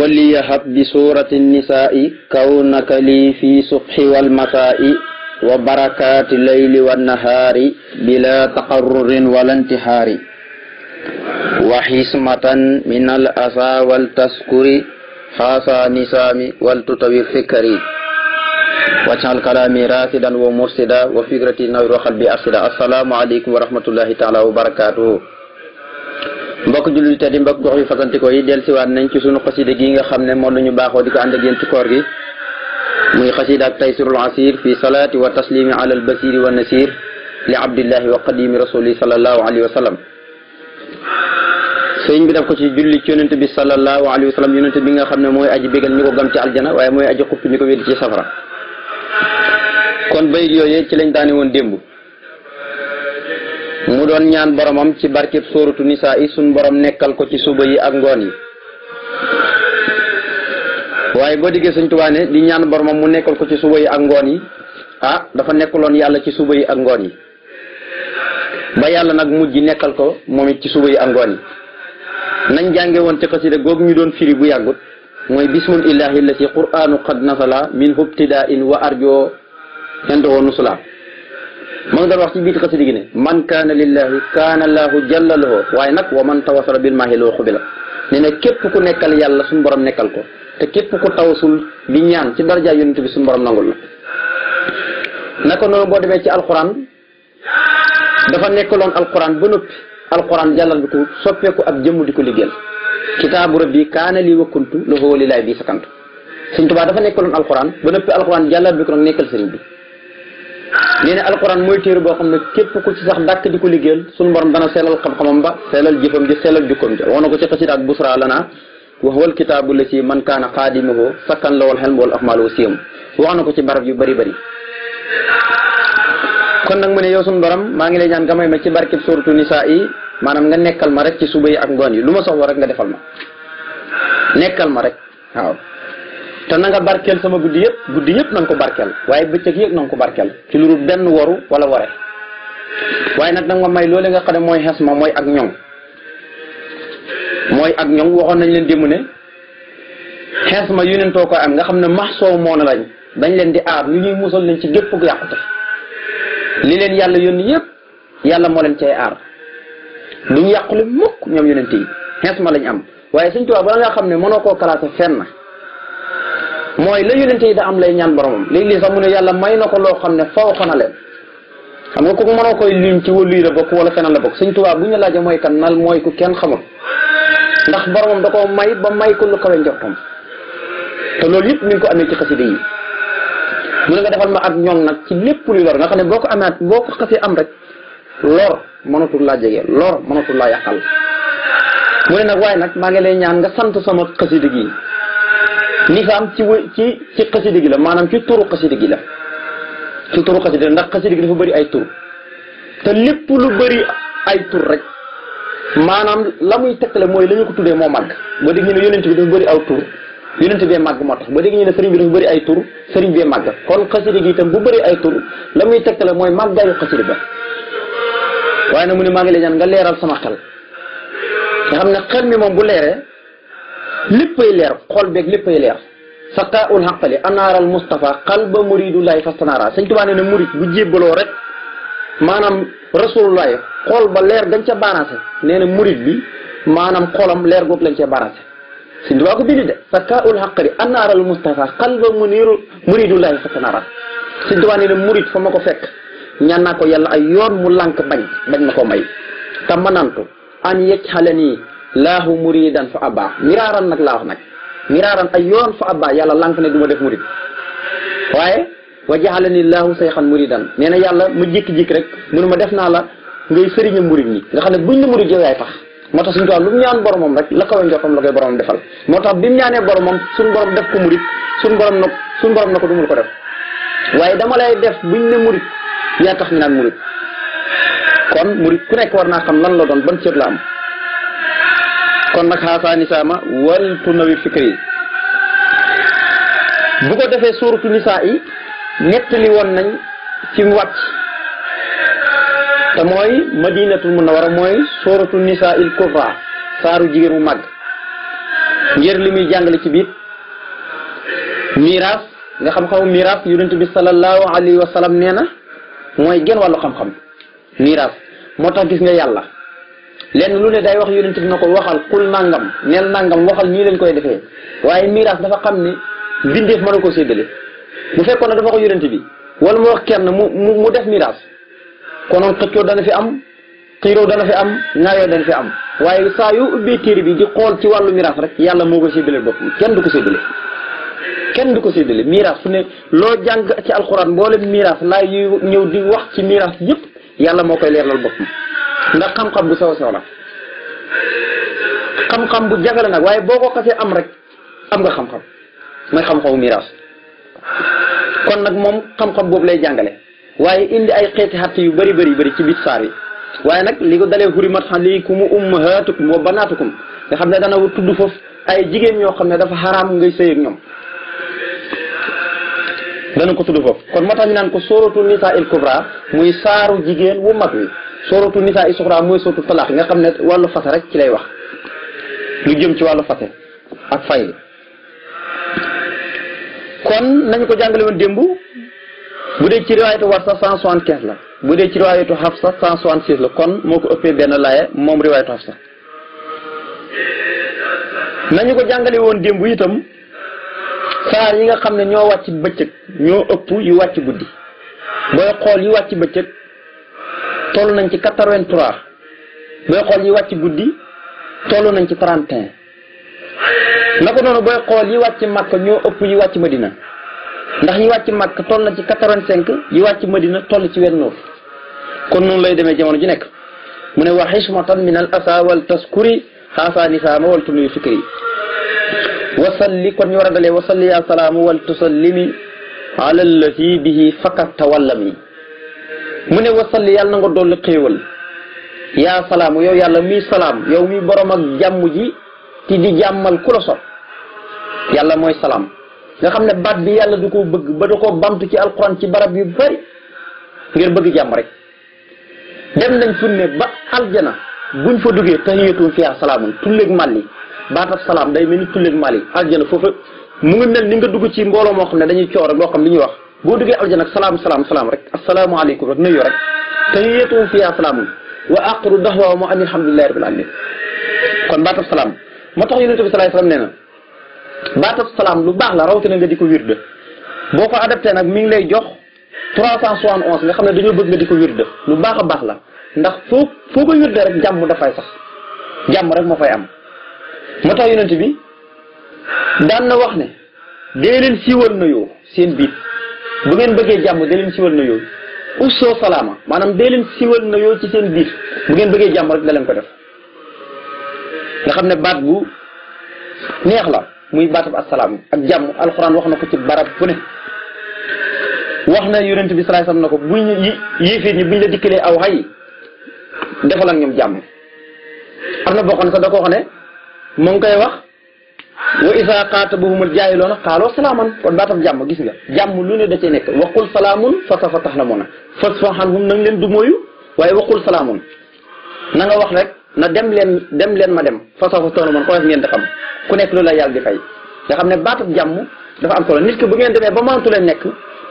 وليهب بسورة النساء كونك لي في صبح والمساء وبركات الليل والنهار بلا تقرر ولا انتحار وحسمة من الأسى والتسكر خاصة نسامي والتطوي فكري واجعل كلامي راسدا ومرسدا وفكرتي نور قلبي أرسدا السلام عليكم ورحمة الله تعالى وبركاته mbokk jullit te di mbokk gox yu fasantikoo yi dellusiwaat nañ ci sunu xasida gi nga xam ne moom la ñu baaxoo di ko ànd ak yéen ci koor gi muy xasida ak taysirul asir fi salaati wa taslimi ala al basiri wa nasir li abdillahi wa qadimi rasuli salallahu alayhi wa sallam sëriñ bi daf ko ci julli ci yonente bi salallahu alayhi wa sallam yonente bi nga xam ne mooy aji bégal ñi ko gam ci aljana waaye mooy aji xuppi ñi ko wéddi ci safara kon bayit yooyee ci lañ daane woon démb mu doon ñaan boromam ci barkeb sóoratu nisaa yi suñ borom nekkal ko ci suba yi ak ngoon yi waaye boo diggee sëñ Tuubaa di ñaan boromam mu nekkal ko ci suba yi ak ngoon yi ah dafa nekkuloon yàlla ci suba yi ak ngoon yi ba yàlla nag mujj nekkal ko moom ci suba yi ak ngoon yi nañ jànge woon ci xasida googu ñu doon firi bu yàggut mooy bismil illaahi la si quraanu qad nasala min hubtidaa in wa arjoo xentu woon nusula ma nga doon wax ci biir xasida gi man kaana lillahi kaana llaahu jalla lahu waaye nag wa man tawasala bil maahi loo xubila ne ne képp ku nekkal yàlla suñu borom nekkal ko te képp ku tawasul bi ñaan ci daraja yonent bi suñu borom nangul la naka noonu boo demee ci alxuraan dafa nekkaloon alquran ba noppi alquran jàllal bi ko soppeeku ab jëmm di ko liggéeyal kitaabu rabbi kaana lii wakkuntu lahu walilaay bi sakantu sëñ tubaa dafa nekkaloon alquran ba noppi alquran jàllal bi ko nag nekkal sëriñ bi nee na alquran mooy téere boo xam ne képp ku ci sax dàkk di ko liggéeyal suñu borom dana sellal xam-xamam ba sellal jëfam ji sellal jukkoom ja wax na ko ci xasida ak busra lana wax wal kitaabu la si man kaana xaadimahu sakkan la wal xelm wal ahmaalu siyam wax na ko ci barab yu bari bari kon nag mu ne yow suñu borom maa ngi lay ñaan nga may ma ci barkeb suratu nisaa yi maanaam nga nekkal ma rek ci suba yi ak ngoon yi lu ma soxla rek nga defal ma nekkal ma rek waaw te na nga barkeel sama guddi yëpp guddi yëpp na ko barkeel waaye bëccëg yëpp na ko barkeel ci lu dul benn waru wala ware waaye nag nag ma may loole nga xam ne mooy xes ma mooy ak ñoŋ ak ñoŋ waxoon nañ leen démb ne xes ma yonentoo ko am nga xam ne max soow moo na lañ dañ leen di aar lu ñuy musal leen ci gépp yàqute li leen yàlla yónni yëpp yàlla moo leen cee aar duñ yàqule mukk ñoom yonent yi xes ma lañ am waaye suñ tubaab bala nga xam ne mënoo koo classé fenn mooy la yonente yi da am lay ñaan boromam léegi-léegi sax mu ne yàlla may na ko loo xam ne faw xana leen xam nga ko mënoo koy lim ci wàllu yi la bokk wala feneen la bokk Sëñ Tuubaa bu ñu laajee mooy kan nal mooy ku kenn xamul ndax boromam da koo may ba may ko lu kawe njortam te loolu yëpp mi ngi ko amee ci xasida yi mu ne nga defal ma ak ñoom nag ci lépp luy lor nga xam ne boo ko amaat boo ko xasee am rek lor mënatul laa jege lor mënatul laa yàqal mu ne nag waaye nag maa ngi lay ñaan nga sant sama xasida yi li fa am ci ci ci xasida gi la maanaam ci turu xasida gi la ci turu xasida ndax xasida gi dafa bari ay tur te lépp lu bari ay tur rek maanaam la muy tegtale mooy la ñu ko tuddee moo màgg ba dégg ñu ne bi dafa bëri aw tur yonent bee màgg moo tax ba dégg ñu ne sëriñ bi dafa bëri ay tur sëriñ bee màgg kon xasida gi itam bu bëri ay tur la muy tegtale mooy màggaayu xasida ba waaye nag mu ne maa ngi lay ñaan nga leeral sama xel nga xam ne xel mi moom bu leeree léppay leer xol beeg léppay leer saqa ul xaqali anaaral Moustapha qalba muridullahi fastanaara sëñ Tuubaa nee na murid bu jébbaloo rek maanaam rasulullahi xol ba leer dañ ca balancé nee na murid bi maanaam xolam leer googu lañ cee balancé sëñ Tuubaa ko bind de saqa ul xaqali anaaral Moustapha qalba muniru muridullahi fastanaara sëñ Tuubaa nee na murid fa ma ko fekk ñaan naa ko yàlla ay yoon mu lànk bañ bañ na ko may tamanantu an yecc laahu muridan fa abba miraaran nag laa wax nag miraaran ay yoon fa abba yàlla lànk ne du ma def murid waaye wa jaxale ni laahu sayxan muridan nee na yàlla mu jékki-jékki rek mënu ma def naa la ngay sëriñu murid ñi nga xam ne buñ la murid yow yaay moo tax suñu tubaab lu mu ñaan boromam rek la kawe njortam la koy boromam defal moo tax bi mu ñaanee boromam suñu borom def ko murid suñu borom na suñu borom na ko dumul ko def waaye dama lay def buñ ne murid yaa tax ñu naan murid kon murid ku nekk war naa xam lan la doon ban cër la am kon nag xaasaani saama wal tunawi fikri bu ko defee suuratu nisaa i nettali woon nañ ci mu wàcc te mooy madinatul munawara mooy suuratu nisaa il kubra saaru jigéen bu mag ngir li muy jàngale ci biir miiraas nga xam-xamu miiraas yonent bi sallallahu alayhi wa sallam nee na mooy genn wàllu xam-xam miiraas moo tax gis nga yàlla lenn lu ne day wax yonent bi na ko waxal kul nangam neel nangam waxal nii lañ koy defee waaye miraas dafa xam ni mbindeef mën na ko séddale bu fekkoon ne dafa ko yonent bi wala mu wax kenn mu mu mu def miraas konoon xëccoo dana fi am xiiroo dana fi am ñaayoo dana fi am waaye saa yu ubbee téere bi di xool ci wàllu miraas rek yàlla moo ko séddale boppam kenn du ko séddale kenn du ko séddale miraas su ne loo jàng ci alxuraan mboolem miraas laay yuy ñëw di wax ci miraas yëpp yàlla moo koy leeral boppam ndax xam-xam bu sew sew la xam-xam bu jagale nag waaye boo ko xasee am rek am nga xam-xam mooy xam-xamu miraas kon nag moom xam boobu lay jàngale waaye indi ay xeeti xatt yu bari bëri bari ci biir saar yi waaye nag li ko dalee hurimat alaykum ummahaatukum wa banaatukum nga xam ne dana tudd foofu ay jigéen ñoo xam ne dafa xaraam ngay sëy ñoom dana ko tudd foofu kon moo tax naan ko sóoratu nisaa il muy saaru jigéen wu mag wi soratu nisaa i suxraa mooy soratu talaax nga xam ne wàllu fase rek ci lay wax lu jëm ci wàllu fase ak fay kon nañu ko jàngale woon démb bu dee ci riwaayatu warsa cent soixante la bu dee ci riwaayatu xafsa cent soixante la kon moo ko ëppee benn laaye moom riwaayatu xafsa nañu ko jàngale woon démb itam saar yi nga xam ne ñoo wàcc bëccëg ñoo ëpp yu wàcc guddi booy xool yu wàcc bëccëg tollu nañ ci quatre-vingt-trois booy xool yi wàcc guddi toll nañ ci trente et un naka noonu booy xool yi wàcc Makka ñoo ëpp yi wàcc Madina ndax yi wàcc Makka toll na ci quatre-vingt-cinq yi wàcc Madina toll ci vingt-neuf kon noonu lay demee jamono ji nekk mu ne wa xismatan min al asa wal taskuri xaasa nisaama wal tunuyu fikri wasalli kon ñu war a dalee wasalli ya salaamu wal tusallimi ala allati bihi fakat tawallami mu ne wasalli yàlla na nga dolli xéewal yaa salaam yow yàlla muy salaam yow muy borom ak jàmm ji ti di jàmmal ku la sopp yàlla mooy salaam nga xam ne baat bi yàlla du ko bëgg ba da koo bamtu ci alquran ci barab yu bari ngir bëgg jàmm rek dem nañ fu ne ba aljana buñ fa duggee tahiyatun fiha salaamun tulleeg màlli baatab salaam day mel ni tulleeg màlli aljana foofu mu ngi mel ni nga dugg ci mbooloo moo xam ne dañuy coor rek loo xam li ñuy wax boo duggee aljana nag salaam salaam salaam rek asalaamaaleykum rek nuyu rek tahiyyatuhum fiihaa salaamun wa aaxiru da'waahum an alhamdulillahi rabbil aalamiin kon baatab salaam moo tax yonent bi salaay salaam nee na baatab salaam lu baax la rawatina nga di ko wirde boo ko adapté nag mi ngi lay jox 371 nga xam ne dañoo bëgg nga di ko wirde lu baax a baax la ndax foo foo ko wirde rek jàmm dafay sax jàmm rek moo fay am moo tax yonent bi daan na wax ne dee leen siiwal nuyoo seen biir. bu ngeen bëggee jàmm dee leen siwal nuyoo usoo salaama maanaam dee leen siwal nuyoo ci seen biir bu ngeen bëggee jàmm rek da leen ko def nga xam ne baat bu neex la muy baatab asalaam ak jàmm alxuraan wax na ko ci barab bu ne wax na yonent bi salaay sam na ko buñ yéeféer ñi buñ la dikkalee aw xay defal ak ñoom jàmm am na boo xam ne sax da koo xam ne mu ngi koy wax wa isa xaatabahumul jaahiluuna qaaloo salaaman kon baatam jàmm gis nga jàmm lu ne da cee nekk waqul salaamun fa sawfa taxlamuuna fasfa anhum na nga leen du mooyu waaye waqul salaamun na nga wax rek na dem leen dem leen ma dem fa sawfa taxlamuuna ko ngeen di xam ku nekk loolu la yàlla di fay nga xam ne baatam jàmm dafa am solo nit ki ba mantu leen nekk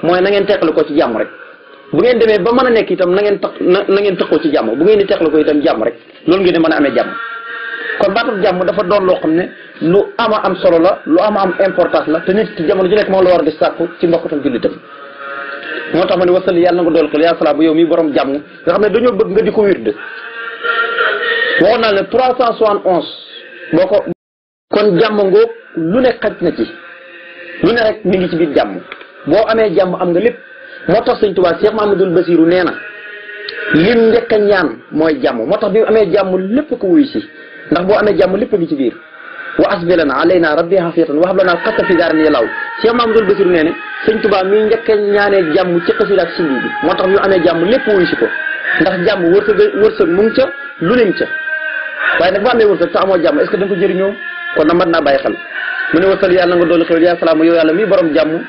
mooy na ngeen teqale ko ci jàmm rek bu ngeen demee ba mën a nekk itam na ngeen tax na ngeen tëqoo ci jàmm bu ngeen di teqale ko itam jàmm rek loolu ngeen di mën a amee jàmm kon baatub jàmm dafa doon loo xam ne lu ama am solo la lu am am importance la te nit jamono ji nekk moom la war di sàkku ci mbokkutam jullitam moo tax ma ne wasal yàlla na nga dool ko yaa salaam yow mii borom jàmm nga xam dañoo bëgg nga di ko wird waxoon naa ne trois cent soixante onze boo ko kon jàmm ngoog lu ne xaj na ci lu ne rek ngi ci biir jàmm boo amee jàmm am nga lépp moo tax sëñ Tuubaa Cheikh Mamadou Basiru nee na lim njëkk a ñaan mooy jàmm moo tax bi amee jàmm lépp ko wuyu si ndax boo amee jàmm lépp ngi ci biir wa asbilana alayna rabbi xafiatan wa hablana xatta fi daarin yalaw Cheikh Maam Dul Basir nee ne sëñ Tuubaa mi njëkk a ñaanee jàmm ci xasida ak sindi bi moo tax ñu amee jàmm lépp wuyu si ko ndax jàmm wërsëg wërsëg mu ngi ca lu leen ca waaye nag boo amee wërsëg te amoo jàmm est-ce que da nga ko jëriñoo kon na mat naa bàyyi xel mu ne wasal yàlla nga dolli xewal yaa salaama yow yàlla mi borom jàmm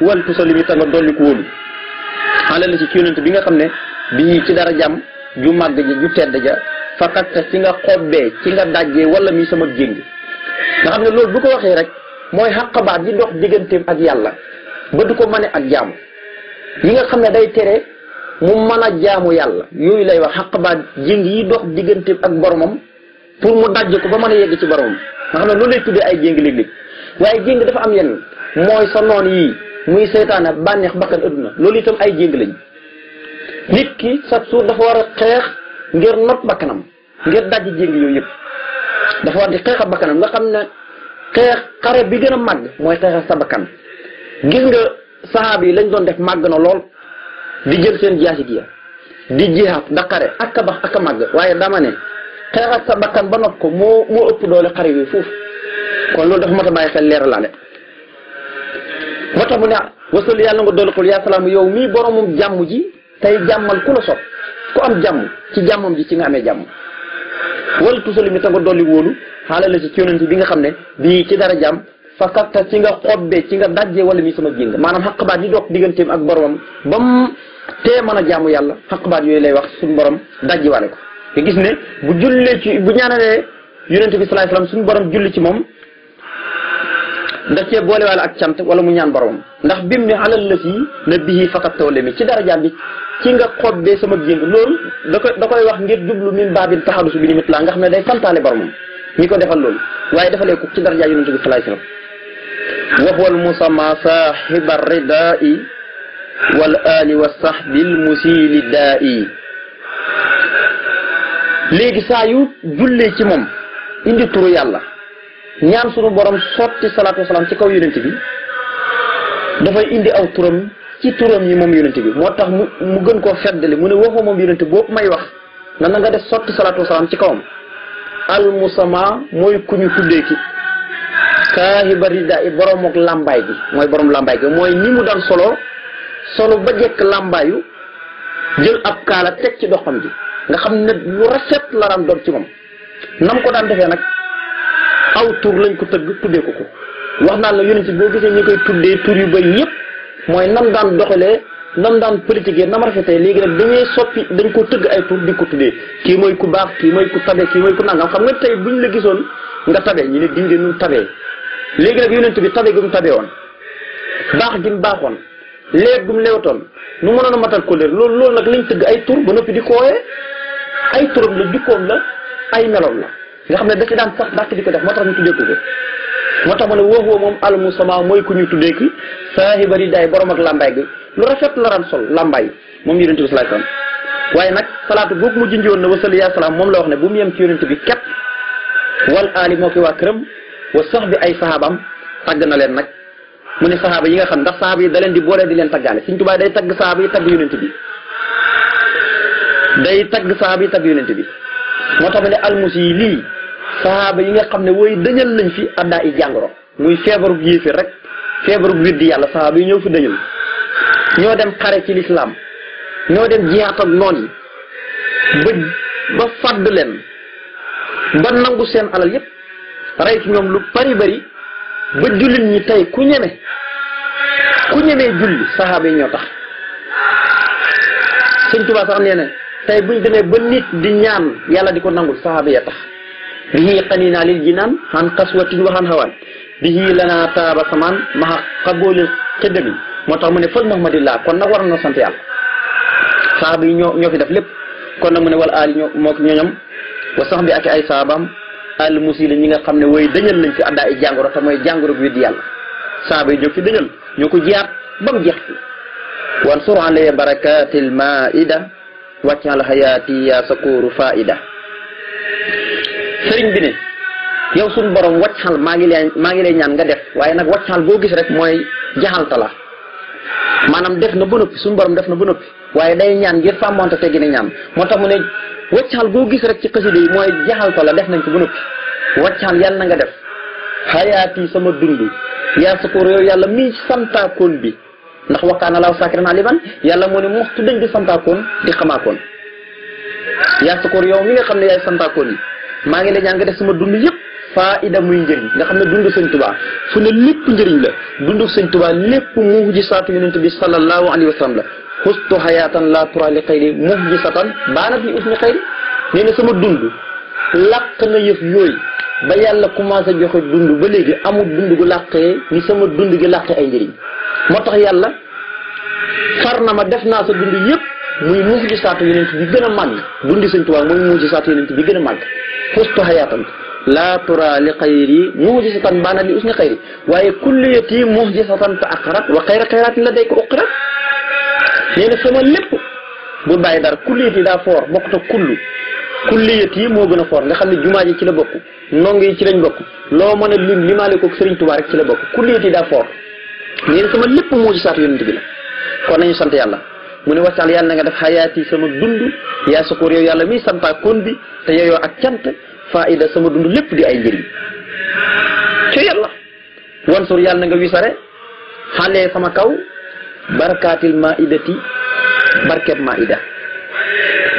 wal sa mi ta nga dolli ko wóolu alal la ci yonent bi nga xam ne bii ci dara jàmm ju màgg ja ju tedd ja fakkatta ci nga xobbee ci nga dajjee wala mii sama jéng nga xam ne loolu bu ko waxee rek mooy xaqabaat yi dox digganteem ak yàlla ba du ko mane ak jaamu yi nga xam ne day tere mu mën a jaamu yàlla yooyu lay wax xaqabaat jéng yi dox digganteem ak boromam pour mu dajj ko ba mën a yegg ci boromam nga xam ne loolu lay tuddee ay jéng léeg-léeg waaye jéng dafa am yenn mooy sa noon yii muy seytaane bànneex bakkan adduna loolu itam ay jéng lañ nit ki chaque jour dafa war a xeex ngir not bakkanam ngir daj jéngi yooyu yëpp dafa war di xeex bakkanam nga xam ne xeex xare bi gën a màgg mooy xeexal sa bakkan gis nga saxaab yi lañ doon def màgg na lool di jël seen jaasi gi di jihaat da xare ak a bax ak a màgg waaye dama ne xeexal sa bakkan ba nopp ko moo moo ëpp doole xare kon loolu dafa mat a bàyyi xel leer laale ba mu ne wasul yàlla nga dolli xul yaa salaam yow mii boromum jàmm ji tey jàmmal ku la sopp ku am jàmm ci jàmmam ji ci nga amee jàmm wala tusalu mi ta nga dolli wóolu xaalala si ci yonent bi nga xam ne bi ci dara jàmm fa katta ci nga xobbe ci nga dajje wala mi sama jéng maanaam xaq baat yi dox digganteem ak boromam bam tee man a jaamu yàlla xaq baat yooyu lay wax suñu borom dajj wale ko te gis ne bu jullee ci bu ñaana ñaanalee yonent bi salaay salaam suñu borom julli ci moom daf cee boolewaale ak cant wala mu ñaan borom ndax bim ne alal la fii na bii fakat tawle mi ci darajaam bi ci nga xobbee sama jéng lool da koy da koy wax ngir jublu min baabin taxadusu bi ni mit laa nga xam ne day santaale boromam ñi ko defal loolu waaye defalee ko ci darajaa yonent bi salaay salaam waxwal musamma saaxiba ridaa'i wal aali wa sahbil musiili daa'i léegi saa yu jullee ci moom indi turu yàlla ñaan sunu borom sotti salaatu wasalaam ci kaw yonent bi dafay indi aw turam ci turam yi moom yonent bi moo tax mu mu gën koo feddali mu ne waxoo moom yonent boobu may wax na na nga def sotti salaatu wasalaam ci kawam almusama mooy ku ñu tuddee ki kaahiba rida i làmbaay bi mooy borom làmbaay bi mooy ni mu daan solo solo ba jekk làmbaayu jël ab kaala teg ci doxam bi nga xam ne lu rafet la daan doon ci moom nam ko daan defee nag aw tur lañ ko tëgg tuddee ko ko wax naa la yonent boo gisee ñi koy tuddee tur yu bëri yëpp mooy nam daan doxalee nam daan politique nam rafetee léegi nag dañuy soppi dañ ko tëgg ay tur di ko tuddee kii mooy ku baax kii mooy ku tabe kii mooy ku nangam xam nga tey ñu la gisoon nga tabe ñu ne diw de nu tabee léegi nag yonent bi tabe gi mu tabe woon baax gi mu baaxoon leer gi mu leewtoon nu mënoon a matal ko leer loolu loolu nag lañ tëgg ay tur ba noppi di ko ay turam la jukkoom la ay meloom la nga xam ne daf daan sax dàkk bi ko def moo tax ñu tuddee ko moo tax ma ne woo woo moom alamu sama mooy ku ñu tuddee ki saahiba ridaay borom ak làmbaay gi lu rafet la daan sol làmbaay moom yonent bi salaay salaam waaye nag salaatu boobu mu junjoon na wasali yaa salaam moom la wax ne bu mu yem ci yonent bi képp wal aali moo koy waa këram wa sax bi ay sahabaam tàgg na leen nag mu ne sahaaba yi nga xam ndax sahaaba yi da leen di boolee di leen taggaale Sëñ Tuubaa day tagg sahaaba yi tagg yonent bi day tagg sahaaba yi tagg yonent bi moo tax sahaaba yi nga xam ne wooy dañal nañ fi addaa i jàngoro muy feebarub yéefir rek feebarub widdi yàlla sahaaba yi ñëw fi dañul ñoo dem xare ci lislaam ñoo dem jihaat ak noon yi ba ba fàdd leen ba nangu seen alal yépp rey ci ñoom lu bari bari ba jullit ñi tey ku ñeme ku ñemee julli sahaaba yi ñoo tax sëñ Tuubaa sax nee na tey buñ demee ba nit di ñaan yàlla di ko nangul sahaaba ya tax bihi qanina lil jinan han qaswatin wa han hawan bihi lana taaba samaan maha qaboolil xëddami moo tax mu ne fël muhammadillah kon nag war na sant yàlla saaba yi ñoo ñoo fi def lépp kon nag mu ne wala aali ñoo moo ñoñam wa sax bi ak ay saabaam al musila ñi nga xam ne wooy dëñal lañ fi addaa ay jàngoro te mooy jàngoro bi weddi yàlla saaba yi ñoo fi dëñal ñoo ko jiyaat ba mu jeex fi wan sur ale barakatil maida wàcc al xayaati ya sakooru faida sëriñ bi ne yow suñ borom wàccal maa ngi lay maa ngi lay ñaan nga def waaye nag wàccal boo gis rek mooy jaxalta la maanaam def na ba noppi suñu borom def na ba noppi waaye day ñaan ngir fàmmonte te gën a ñaan moo tax mu ne wàccal boo gis rek ci xasida yi mooy jaxalta la def nañ ko ba noppi wàccal yàlla na nga def xayaati sama dund yaa sukoor yow yàlla mi santaakoon bi ndax na laaw saakiran aliban yàlla moo ne moxtu dañ di santaakoon di xamaakoon yaa sukoor yow mi nga xam ne yaay santaakoon maa ngi lay ñaan nga def sama dund yëpp faida muy njëriñ nga xam ne dund sëñ tubaa fu ne lépp njëriñ la dundu sëñ tubaa lépp mujisaatu yonent bi sallallahu alayhi wa sallam la xustu hayatan la turali xayri mujisatan baanat li usmi xayri nee na sama dund làq na yëf yooyu ba yàlla commencé joxe dund ba léegi amul dund gu làqee ni sama dund gi làqee ay njëriñ moo tax yàlla far na ma def naa sa dund yëpp muy mujisaatu yonent bi gën a màgg dundi sëñ tubaa muy mujisaatu yonent bi gën a màgg xustu xayaatan laa tura li xayri muxjisatan baana li usni xayri waaye kulliyati muxjisatan fa aqarat wa xayra xayraatin la day ko uqarat na sama lépp bu bàyyi dara kulliyati daa foor bokkut ak kullu kulliyati moo gën a foor nga xam ne jumaa ji ci la bokk ndongo yi ci lañ bokk loo a lim limaale ko Sëriñ Tuubaa rek ci la bokk kulliyati daa foor nee na sama lépp muxjisaat yonent bi la kon nañu sant yàlla mu ne wasaal yàlla na nga def xayaati sama dund yaa sukoor yow yàlla miy santaakoon bi te yeyoo ak cant faida sama dund lépp di ay njëriñ ci yàlla wansur yàlla na nga wisare xale sama kaw barkaatil maidati barkeeb maida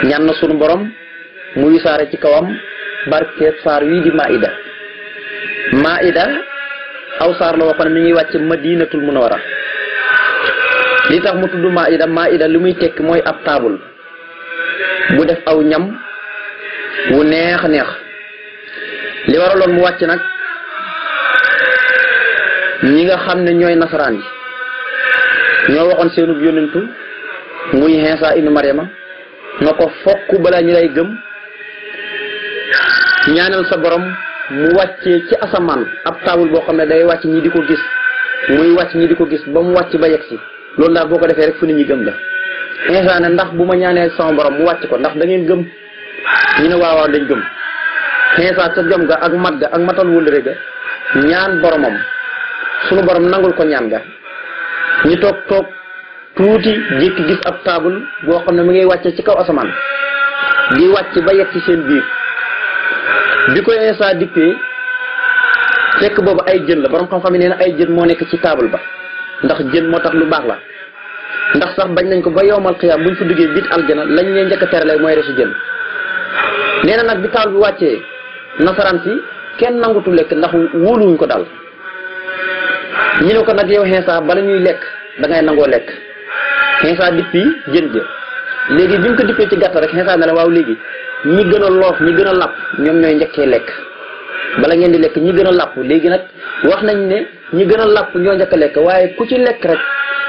ñaan na sunu borom mu saare ci kawam barkeeb saar wii di maida maida aw saar la woo xam ne mi ngi wàcc madinatul munawara li tax mu tudd maida maida li muy tekk mooy ab taabul bu def aw ñam wu neex neex li waraloon mu wàcc nag ñi nga xam ne ñooy nasaraan yi ñoo waxoon seenub yónnentu muy Iisaa ibnu Maryama nga ko fokk balaa ñi lay gëm ñaanal sa borom mu wàccee ci asamaan ab taabul boo xam ne day wàcc ñi di ko gis muy wàcc ñi di ko gis ba mu wàcc ba yegsi loolu daal boo ko defee rek fu nit ñi gëm la Iisaa ne ndax bu ma ñaanee sama borom mu wàcc ko ndax da ngeen gëm ñu ne waaw dañ gëm Iisaa ca gëm ga ak mat ga ak matal wëllëre ga ñaan boromam sunu borom nangul ko ñaan ga ñu toog toog tuuti jékki gis ab taabul boo xam ne mu ngiy wàcce ci kaw asamaan di wàcc ba yegg seen biir bi ko Iisaa dikkee fekk boobu ay jën la borom xam-xam yi na ay jën moo nekk ci taabul ba ndax jën moo tax lu baax la ndax sax bañ nañ ko ba yowmal xiyaam buñ fi duggee biit aljana lañ ñee njëkk tere terale mooy resu jën nee na nag bi taal bu wàccee nasaraan si kenn nangutu lekk ndax wóoluwuñ ko dal ñu ne ko nag yow xinsa bala ñuy lekk da ngay nangoo lekk xinsa dippi jën jë léegi bi mu ko dippee ci gàtt rek xinsa ne la waaw léegi ñu gën a loof ñi gën a lapp ñoom ñooy njëkkee lekk bala ngeen di lekk ñi gën a làpp léegi nag wax nañ ne ñi gën a làpp ñoo njëkk lekk waaye ku ci lekk rek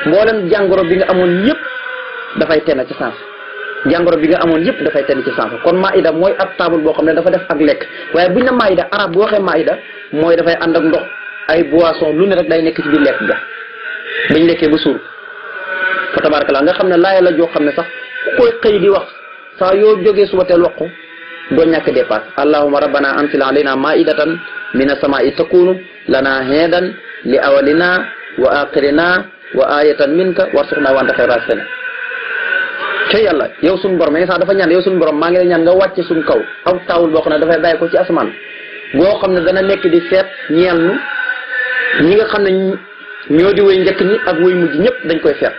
mboolem jàngoro bi nga amoon yëpp dafay tena ci sens jàngoro bi nga amoon yëpp dafay ten ci sens kon maïda mooy ab taabul boo xam ne dafa def ak lekk waaye buñ ne maïda arab bu waxee maïda mooy dafay ànd ak ndox ay boisson lu ne rek day nekk ci biir lekk ga bañ lekkee ba suur fa tabaaraka la nga xam ne laaya la joo xam ne sax ku koy xëy di wax saa yoo jógee suba teel wax doo ñàkk de dépasse allahumma rabbana anzil alayna maidatan mina samaa'i takunu lana heedan li awalina wa axirina wa ayatan minka warzuqna wa anta xayru raaziqiin te yàlla yow suñu borom mais sax dafa ñaan yow suñu borom maa ngi lay ñaan nga wàcce suñu kaw aw taawul boo xam ne dafay bàyyi ko ci asamaan boo xam ne dana nekk di seet ñeel nu ñi nga xam ne ñoo di woy njëkk ñi ak woy mujj ñëpp dañ koy seet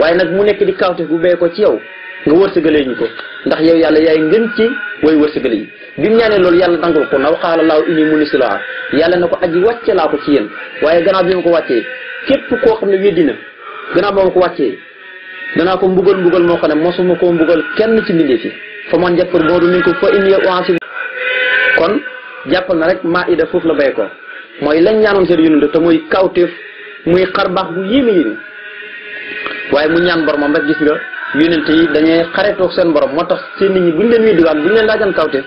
waaye nag mu nekk di kawte bu bàyyi ko ci yow nga wërsëgalee ñu ko ndax yow yàlla yaay ngën ci way wërsëgale yi bi mu ñaanee loolu yàlla nangul ko na waxaala laaw ini mu ni silaa yàlla na ko aji wàcce laa ko ci yéen waaye gannaaw bi ma ko wàccee képp koo xam ne weddi na gannaaw ba ma ko wàccee danaa ko mbugal mbugal moo xam ne mosuma koo mbugal kenn ci mbindee fi fa man jàppar boodu min ko fa in kon jàppal na rek maa ida foofu la bay ko mooy lañ ñaanoon seen yonente te muy kawteef muy xarbaax bu yéeme yéeme waaye mu ñaan boromam rek gis nga yonent yi dañuy xaretoog seen borom moo tax seen nit ñi bu ñu leen weddiwaan bu ñu leen laajaan kawteef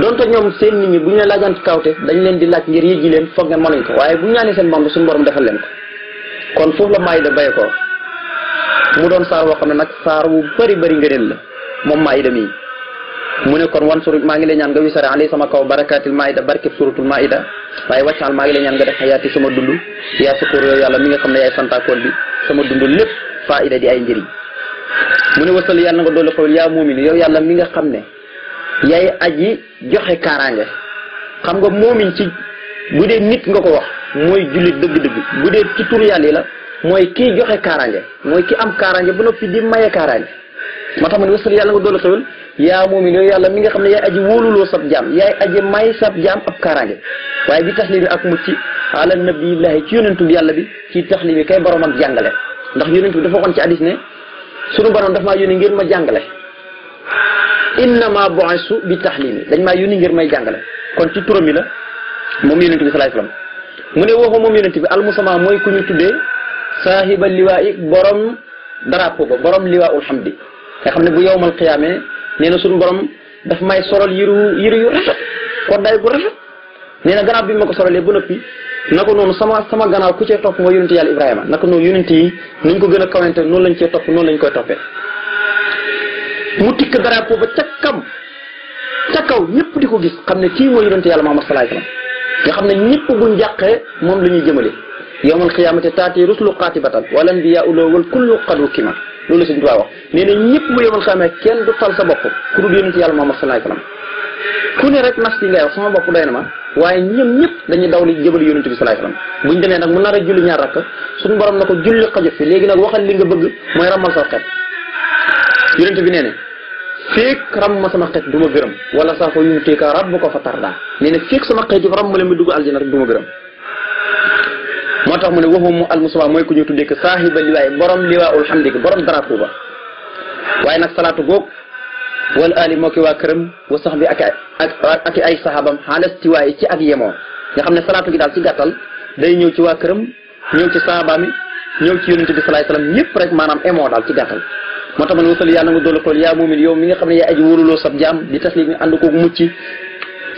donte ñoom seen nit ñi bu ñu leen laajaan te dañ leen di laaj ngir yëjji leen foog ne mënuñ ko waaye bu ñu ñaanee seen borom suñu borom defal leen ko kon foofu la Maïda baye ko mu doon saar woo xam ne nag saar wu bëri bëri ngëneel la moom Maïda mii mu ne kon wan sur maa ngi lay ñaan nga wisare alay sama kaw barakaatil maida barkeb suratul maida waaye wàccaal maa ngi lay ñaan nga def sama dund yaa sukur yow yàlla mi nga xam ne yaay santaakoon bi sama dund lépp faida di ay njëriñ mu ne wasal yàlla nga doolu xewul yaa moomin yow yàlla mi nga xam ne yaay yi joxe kaaraange xam nga moomin ci bu dee nit nga ko wax mooy jullit dëgg-dëgg bu dee ci tur yàlla yi la mooy kii joxe kaaraange mooy ki am kaaraange ba noppi di maye kaaraange moo tax ma ne wasal yàlla nga doolu xewul yaa moomin yow yàlla mi nga xam ne yaay aji wóoluloo sab jaam yaay aji may sab jaam ab kaaraange waaye bi taslimi ak mucc ala nabiyillahi ci yonentu yàlla bi ci taslimi kay borom ak jàngale ndax yonentu dafa ci hadis sunu borom daf maa yónni ngir ma jàngale innama bu'istu bi taxlimi dañ maa yónni ngir may jàngale kon ci turam yi la moom yonent bi salaay salaam mu ne waxu moom yonent bi almusama mooy ku ñu tuddee saahiba liwaayi borom darapo ba borom liwaaul hamdi nga xam ne bu yowmal qiyaamee nee na sunu borom daf may solol yiru yiru yu rafet koddaay gu rafet nee na gannaaw bi ma ko sololee ba noppi naka noonu sama sama gannaaw ku cee topp mooy yonent yàlla Ibrahima naka noonu yonent yi nañ ko gën a kawante noonu lañ cee topp noonu lañ koy toppee. mu tikk drapeau ba ca kam ca kaw ñëpp di ko gis xam ne kii mooy yonent yàlla Muhammad sallallahu alayhi wasallam nga xam ne ñëpp buñ jàqee moom la ñuy jëmale. yawmal qiyaamati taati rusulu qaatibatan wal anbiyaa'u wal kullu qad ukima loolu la Sëñ Tuubaa wax nee na ñëpp bu yawmal qiyaama kenn du tal sa bopp ku dul yonent yàlla Muhammad sallallahu alayhi wasallam ku ne rek mas yi ngay wax sama bopp doy na ma waaye ñoom ñëpp dañuy daw li jëbal yonente bi salaay salaam buñu demee nag mu nar a julli ñaar rakk suñu borom na ko julli xajut fi léegi nag waxal li nga bëgg mooy ramal sa xet yonente bi nee ne féeg ram ma sama xeet du ma gërëm wala saa fa yum téeka rab bu ko fa tarda nee ne féeg sama xeet yi ram ma leen bi dugg aljana rek du ma gërëm moo tax mu ne waxu mu almusuba mooy ku ñu tuddee ko saahiba liwaay borom liwaa ul hamdi borom drapeau ba waaye nag salaatu googu wal ali moo ki waa këram wa sax bi ak ak ak ay saxaabam xaalastiwaay ci ak yemoo nga xam ne salaatu gi daal ci gàttal day ñëw ci waa këram ñëw ci saxaabaam yi ñëw ci yonente bi salaay salaam ñëpp rek maanaam emoo daal ci moo tax ma ne wasal yàlla nga dolli yow mi nga xam ne yaa aji wóoluloo sab jaam di taslim yi ànd koog mucc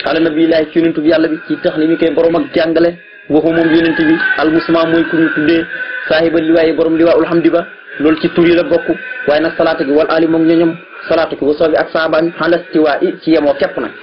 ala nabi laay ci yonentu bi yàlla bi ci taslim yi koy borom ak jàngale waxu moom yonente bi al muslima mooy ku ñu tuddee saahiba liwaayi borom liwaa ulhamdi ba loolu ci tur la bokk waaye nag salaatu gi wal ali moom ñoñom salaatu gi wa soobi ak saabaami xandastiwaa i ci yemoo képp nag